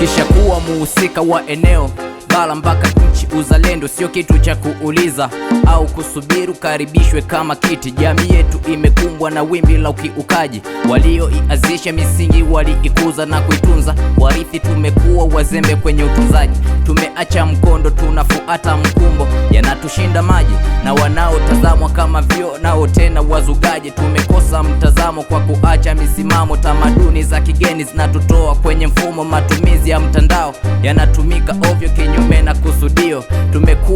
kisha kuwa muhusika wa eneo bala mpaka nchi. Uzalendo sio kitu cha kuuliza au kusubiri ukaribishwe kama kiti. Jamii yetu imekumbwa na wimbi la ukiukaji, walioiazisha misingi waliikuza na kuitunza. Warithi tumekuwa wazembe kwenye utunzaji, tumeacha mkondo, tunafuata mkumbo, yanatushinda maji na wanaotazamwa kama vyo nao tena wazugaji. Tumekosa mtazamo kwa kuacha misimamo, tamaduni za kigeni zinatutoa kwenye mfumo. Matumizi ya mtandao yanatumika ovyo kinyume na kusudio.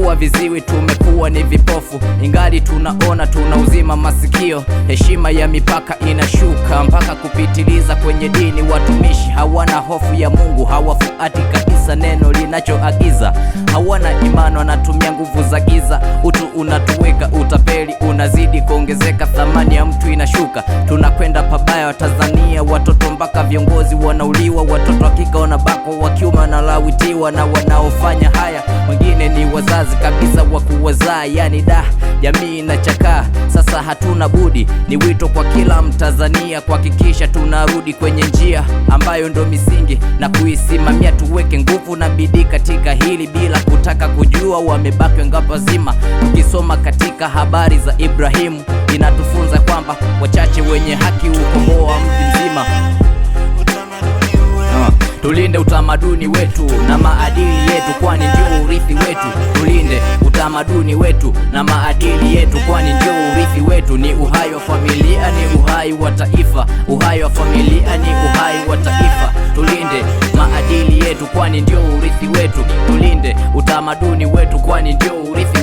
Tumekuwa viziwi, tumekuwa ni vipofu, ingali tunaona tuna uzima masikio. Heshima ya mipaka inashuka mpaka kupitiliza kwenye dini. Watumishi hawana hofu ya Mungu, hawafuati kabisa neno linachoagiza, hawana imani, wanatumia nguvu za giza. Utu unatuweka utapeli inazidi kuongezeka, thamani ya mtu inashuka. Tunakwenda pabaya, Watanzania watoto mpaka viongozi wanauliwa, watoto hakika wanabakwa, wakiume wanalawitiwa, na wanaofanya haya wengine ni wazazi kabisa wa kuwazaa. Yani da jamii inachakaa sasa, hatuna budi, ni wito kwa kila Mtanzania kuhakikisha tunarudi kwenye njia ambayo ndo misingi na kuisimamia, tuweke nguvu na bidii katika hili bila kutaka kujua wamebaki ngapi wazima, tukisoma katika habari za Ibrahimu inatufunza kwamba wachache wenye haki hukomboa mji mzima. Ah, tulinde utamaduni wetu na maadili yetu, kwani ndio urithi wetu. Tulinde utamaduni wetu na maadili yetu, kwani ndio urithi wetu. Ni uhai wa familia, ni uhai wa taifa. Uhai wa familia ni uhai wa taifa. Tulinde maadili yetu, kwani ndio urithi wetu. Tulinde utamaduni wetu, kwani ndio urithi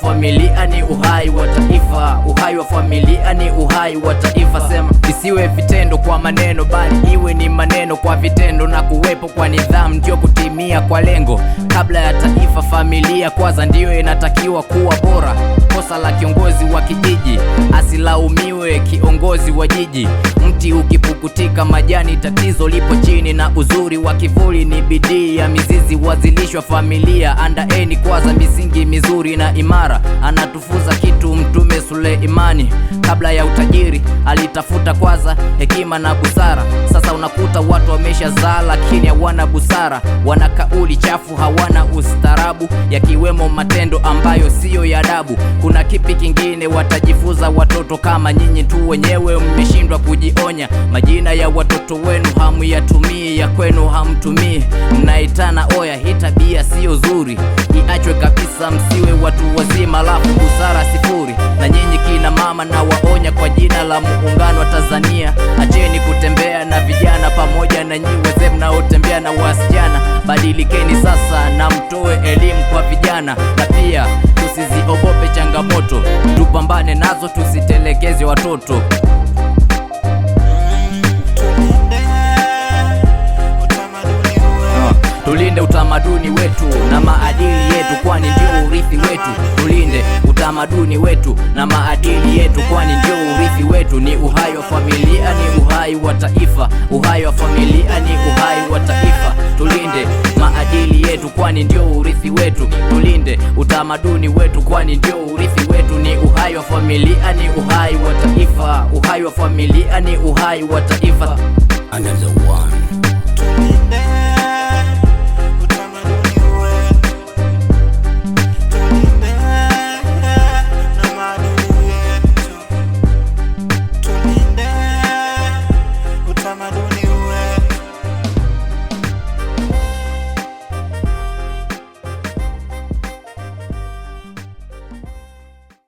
familia ni uhai wa taifa, uhai wa familia ni uhai wa taifa. Sema isiwe vitendo kwa maneno, bali iwe ni maneno kwa vitendo, na kuwepo kwa nidhamu ndio kutimia kwa lengo. Kabla ya taifa, familia kwanza ndiyo inatakiwa kuwa bora kosa la kiongozi wa kijiji, asilaumiwe kiongozi wa jiji. Mti ukipukutika majani, tatizo lipo chini, na uzuri wa kivuli ni bidii ya mizizi. Wazilishwa familia, andaeni kwaza misingi mizuri na imara, anatufuza kitu mtu Suleimani kabla ya utajiri alitafuta kwanza hekima na busara. Sasa unakuta watu wameshazaa, lakini hawana busara, wana kauli chafu, hawana ustarabu yakiwemo matendo ambayo siyo ya adabu. Kuna kipi kingine watajifuza watoto kama nyinyi tu wenyewe mmeshindwa kujionya? Majina ya watoto wenu hamuyatumii, ya kwenu hamtumii, mnaitana oya. Hii tabia siyo zuri, iachwe kabisa, msiwe watu wazima, lafu busara sifuri na nyinyi kina mama na waonya kwa jina la muungano wa Tanzania, acheni kutembea na vijana pamoja na nyi wazee mnaotembea na wasichana. Badilikeni sasa na mtoe elimu kwa vijana, na pia tusiziogope changamoto, tupambane nazo, tusitelekeze watoto. Tulinde utamaduni wetu na maadili yetu, kwani ndio urithi wetu. Tulinde utamaduni wetu na maadili yetu, kwani ndio urithi wetu. Ni uhai wa familia, ni uhai wa taifa. Uhai wa familia ni uhai wa taifa. Tulinde maadili yetu, kwani ndio urithi wetu. Tulinde utamaduni wetu, kwani ndio urithi wetu. Ni uhai wa familia, ni uhai wa taifa. Uhai wa familia ni uhai wa taifa.